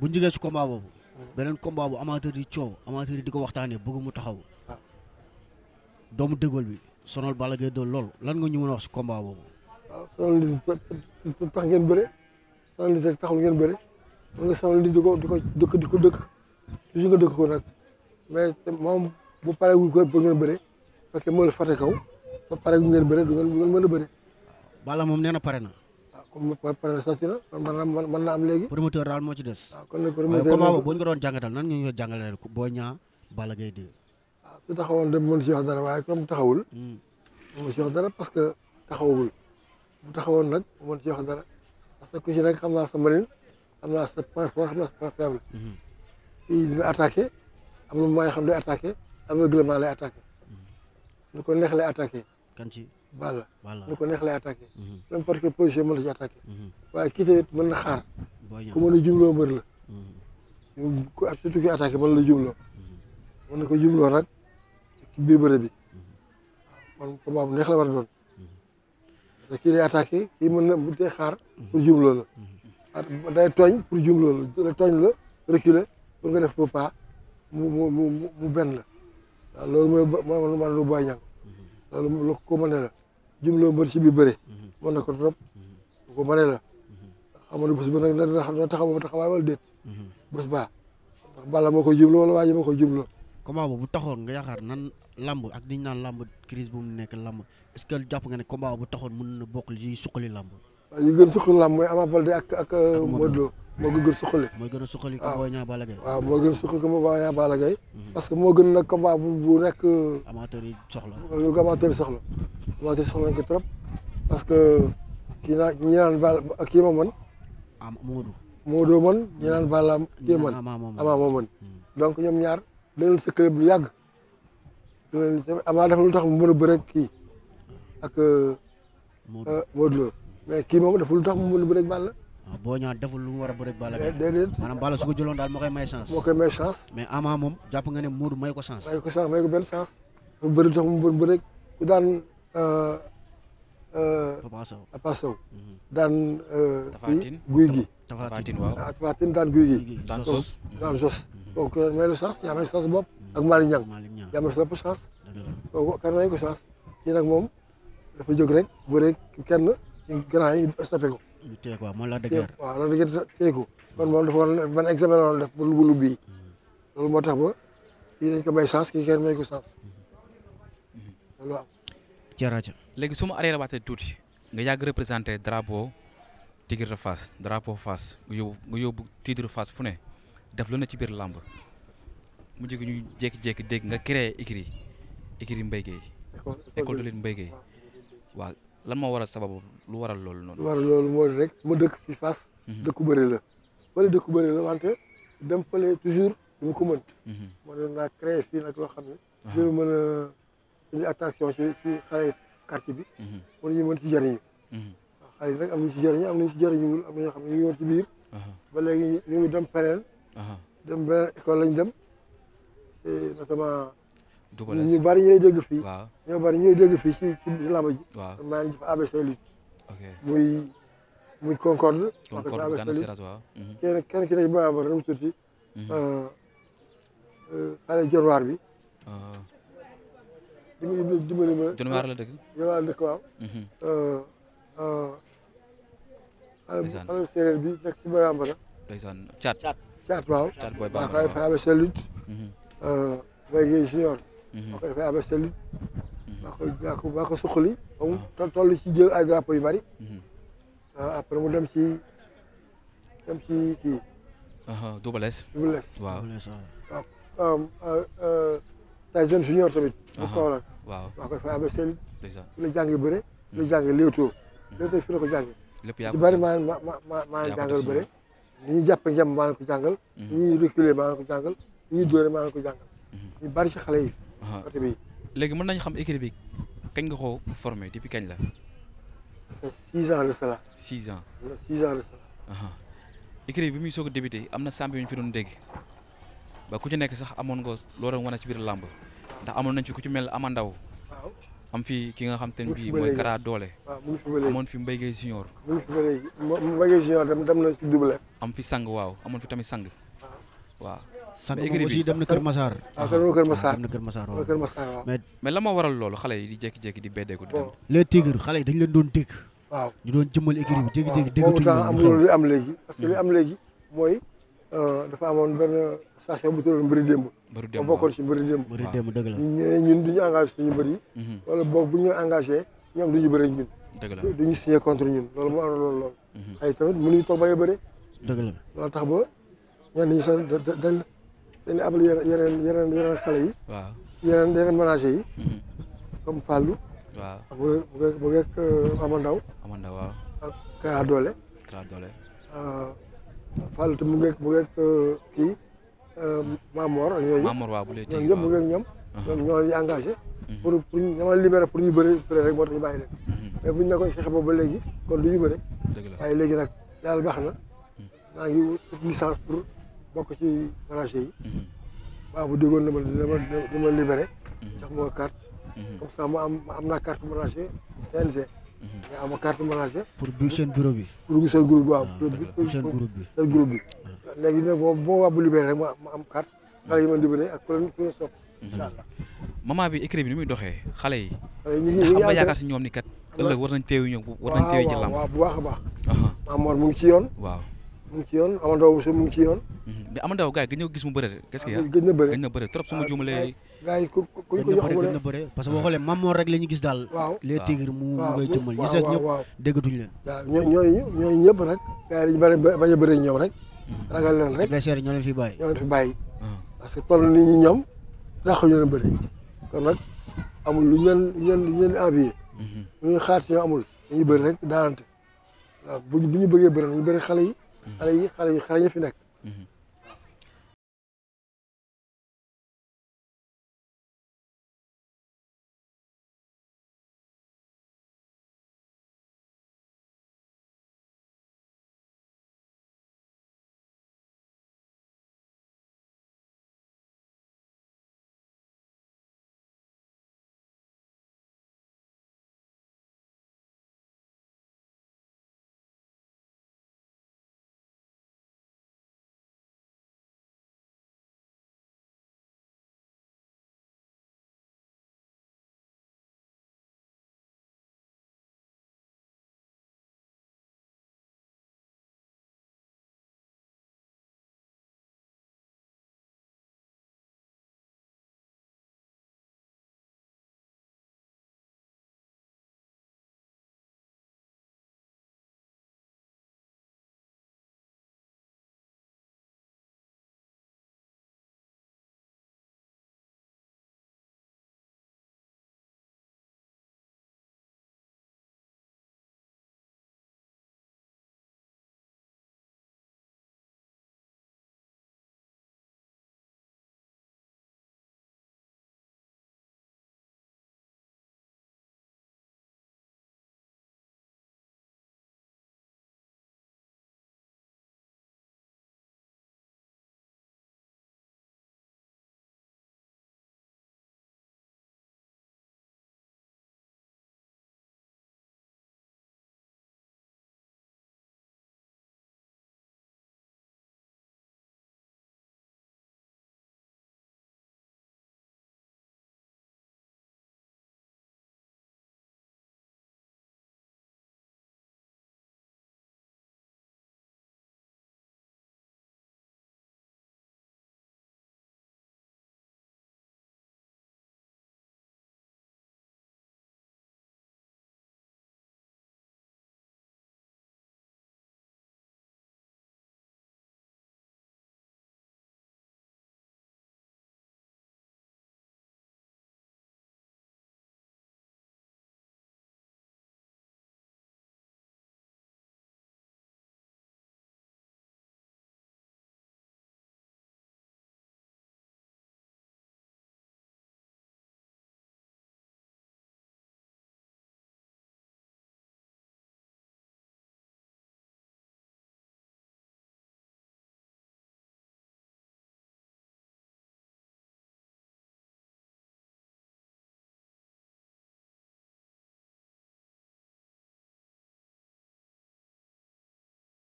bu ñu jógee si combat boobu. beneen combat bu amateur yi coow amateur yi di ko waxtaanee bëgg mu taxaw. doomu dégol bi sonal bala Gaye doon loolu lan nga ñu mën a wax si combat boobu. waaw sonal nit ñi tax ngeen bëre sonal ngeen bëre mën nga sonal di ko di ko dëkk di ko dëkk toujours nga dëkk ko nag mais moom bu paree wul ko pour ngeen bëre parce que moo la fàtte kaw ba pare ngeen bëre du ngeen mën a bëre. Balla moom nee na pare na. comme pare sotti na kon am léegi. promoteur daal moo ci des. waaw ah, kon nag promoteur waaw bu ñu ko doon jàngatal nan nga ñu ko jàngalee Boy Niang Balla Gaye 2. waaw ah, su taxawoon dem mën si wax dara waaye comme taxawul. Hmm. mën si wax parce que taxawul bu taxawoon nag mën si wax dara parce que ku si xam naa sa marine xam naa sa point fort xam naa sa point faible. Hmm. kii dina attaqué am na moyen xam day attaqué am na règlement lay attaqué. Hmm. lu ko neex lay attaqué. Balla. lu ko neex e attaqué. Mhm. même parce que position mën ci attaqué. Mhm. waaye kii tamit mën na xaar. ku mën a jumloo mbër la. Mhm. ku surtout ki attaqué mën la jumloo. mën na ko jumloo nag ci biir bëre bi. man combat la war a doon. parce que kii mën na bu dee la. ah day tooñ pour jumloo la tooñ la reculer nga def faux pas mu mu la. loolu mooy ma ma booy ñàkk loolu ko mën la. jumloo mbër si biir bëre mën mhm. na ko trop mhm. bu ko mënee la xamoon bés ba nag xam dana taxaw ba taxawaay wala déet mhm. baa ndax bala moo koy jumloo wala waa ji moo koy bu taxoon nga yaakaar nan lamb ak diñ naan lamb crise bu mu nekk lamb est ce que jàpp nga ne combat bu taxoon mën na bokk li suqali lamb waaw yu gën suqali lamb mooy Ama Baldé ak ak euh, Modou Lo gën a suqali ko Boy Niang Balla Gaye waaw moo a suqali ko Boy parce que moo gën nag combat bu bu nekk euh, soxla lu ko waaw te soxla nañ ko trop parce que kii naa ñi naan Balla kii ma mën. ah Moodu. Moodu mën ñi naan Balla kii mën. Ama moo mën donc ñoom ñaar dañu leen sëkkale bu yàgg. dañu leen lu tax mu ak. mais dafa lu tax mu deful lu war a bëre Balla. su ko jëloon daal moo koy may chance. moo koy may chance. mais Ama moom jàpp nga ne Moodu may ko chance. may ko chance may ko chance. mu tax mu ku daan uh, uh, dan Sow daan guy dan guigi daan guy gi daan sos kooku may la chance yaa may chance bopp ak Malick Niang yaa ngomong sa bopp chance kooku kan may ko chance kii nag moom dafa jóg rek bu rek kenn ci grand yi stoppé ko téye ko waaw la dëgër waaw la dëgër téye ko kon moom dafa ci rajo. léegi su ma arrière waatee tuuti nga yàgg représenté drapeau Tigre de Fass drapeau Fass nga yóbbu nga yóbbu Tigre Fass fu ne def lu ne ci biir làmb mu jigi ñu jékki-jékki dégg nga créé écurie écurie Mbaye Guèye école de lutte Mbaye Guèye waaw lan moo waral sababu lu waral loolu noonu. lu waral loolu moo di rek ma dëkk fi Fass. Mhm. dëkku bëri la fële dëkku bëri la wante dem fële toujours du ko mën. Mhm. ma doon naa créé nag loo xam ne. Ah. dina mën suñu attention si si xale quartier bi mën mhm. ñu mën si jëriñu mhm. waaw xale yi nag am nañu si jëriñu am nañu si jëriñuwul am na ñoo xam ne ñu ngi woon si biir ba léegi ñu ngi dem feneen dem beneen école lañ dem c'est notamment ñu bari ñooy dégg fii ñoo bari ñooy dégg fii si ci làmb ji maa ngi def ABC lutte muy muy concorde parce que ABC lutte mhm. kenn kenn ki nekk ba am rem tuuti xale januar bi ah. di nga la dëkk Dóor waar la dëkk waaw. Euh, euh, xale séeréer bi nekk ci Marambara. ndeysaan Thiat. waaw. Thiat booy baax na waaw maa mhm. euh, junior. Mhm. maa koy defee ABC lutte. Mhm. maa koy maa ko maa ah. ci jël ay drapeaux yu bari. après mu dem ci dem ci kii. Double S. waaw. Tyson Junior tamit. bu Kaolack waaw waaw kon fa ABC. la jàngi bëre. la hmm. jàngi léewtoo. Hmm. léewtoo fi la ko jàngi. lépp yaa ko ci bari maa ma ma maa jàngal bëre. ñuy jàpp njàmm maa ko jàngal. Hmm. ni ñuy reculer maa ko jàngal. ni ñuy dóore ko jàngal. ñu bari ci xale yi. côté léegi mën nañ xam équipe bi kañ nga ko formé depuis kañ la. six ans de cela. six ans six ans bi muy soog a am na samp yu ñu fi doon dégg. ba ku ci nek sax amone ngos lo ron wane ci bir lamb ndax amone nañ ci ku ci mel amandaw am fi ki nga xam tane bi moy Kara dole amone fi Mbaye Gueye Junior Mbaye Gueye Junior dem dem na ci double am fi sang waw amone fi tamit sang waw sang moom aussi dem na keur Massar ah dem keur Massar dem na Kër Massar waaw mais mais la waral lolu xalé yi di jek jek di ko di dem le tigre xalé dañ leen doon dégg waw ñu doon jëmmal écurie bi jek jékki dégg am loolu am légui parce que li hmm. am légui moy Eh, dafa amoon benn station bu tuddoon mbëri démb ba bokkoon si mbëri démb mbëri démb dëgg la ñun ñun du ñu engagé suñu bëri mhm. wala boog bu ñu engagé ñoom du ñu bëri ñun dëgg la du ñu signé contre ñun loolu moo amoon loolu loolu mhm. xëy tamit mënuñu toog bañ a bëri dëgg la loolu tax ba ñenn ñi sax dañ dañ abal yeneen yeneen yeneen xale yi waaw yeneen yeneen ménager yi mhm. comme Fallou waaw ak mu ngeeg euh, Amandaw Amandaw waaw Kara Doole Kara Doole euh, Fall mu ngeeg mu ngeeg euh, kii euh, Mamor ak ñooñu. Mamor waaw bu dee tey ñoom ñëpp mu ngeeg ñoom. ñoo ñu engagé. Mhm. pour pour ñu ñoo libéré pour ñu bëri rek moo tax ñu bàyyi leen. Mhm. mais bu ñu nekkoon fexe boobu ba léegi kon du ñu bëri. dëgg la waaye léegi nag yàlla baax na. Mhm. maa ngi wut licence pour bokk ci manager yi. waaw bu déggoon dama dama dama libéré. jox ma carte. comme ça mu am ma am naa carte manager CNG. nga mhm. am carte manager. pour bu seen groupe bi. pour bu seen bi waaw. Ah, léegi nag boo boo bu libéré rek ma am carte mhm. xale yi ma libéré ak ku mhm. bi écrit bi ni muy doxee xale yi. xale yi ñu ngi xam nga yaakaar si ñoom ni kat. ëllëg war nañ teewi ñoom waaw bu baax a baax. Amor mu ngi ci yoon. waaw mu ngi ci yoon Amadou Ousseyn mu ngi ci yoon. mais Ama Ndaw gars yi gëj na gis mu bëre de. qu'est-ce que ah, gëj na bëre gëj na bëre trop su ma ah, juumalee. gars yi ku ku ñu ko jox gëj na bëre parce que boo xoolee Mamor rek la ñu gis daal. waaw les tigres mu mu ngay jëmmal. waaw waaw ñi des ñëpp déggatuñu leen. waaw ñooñu ñooñu ñëpp rek. gars yi dañu bëri bañ a bëri ñoom rek. Hmm. ragal leen rek blessé ñoo leen fi bàyyi. ñoo leen fi bàyyi. Ah. parce que toll ni ñu ñoom dàq ñu leen bëri kon nag amul lu ñu leen lu ñu leen envier. lu ñu hmm. xaar si ñoom amul dañuy bëri rek daalante waaw bu ñu bëggee bëri nañu bëri xale yi hmm. xale yi xale yi xale yi fi nekk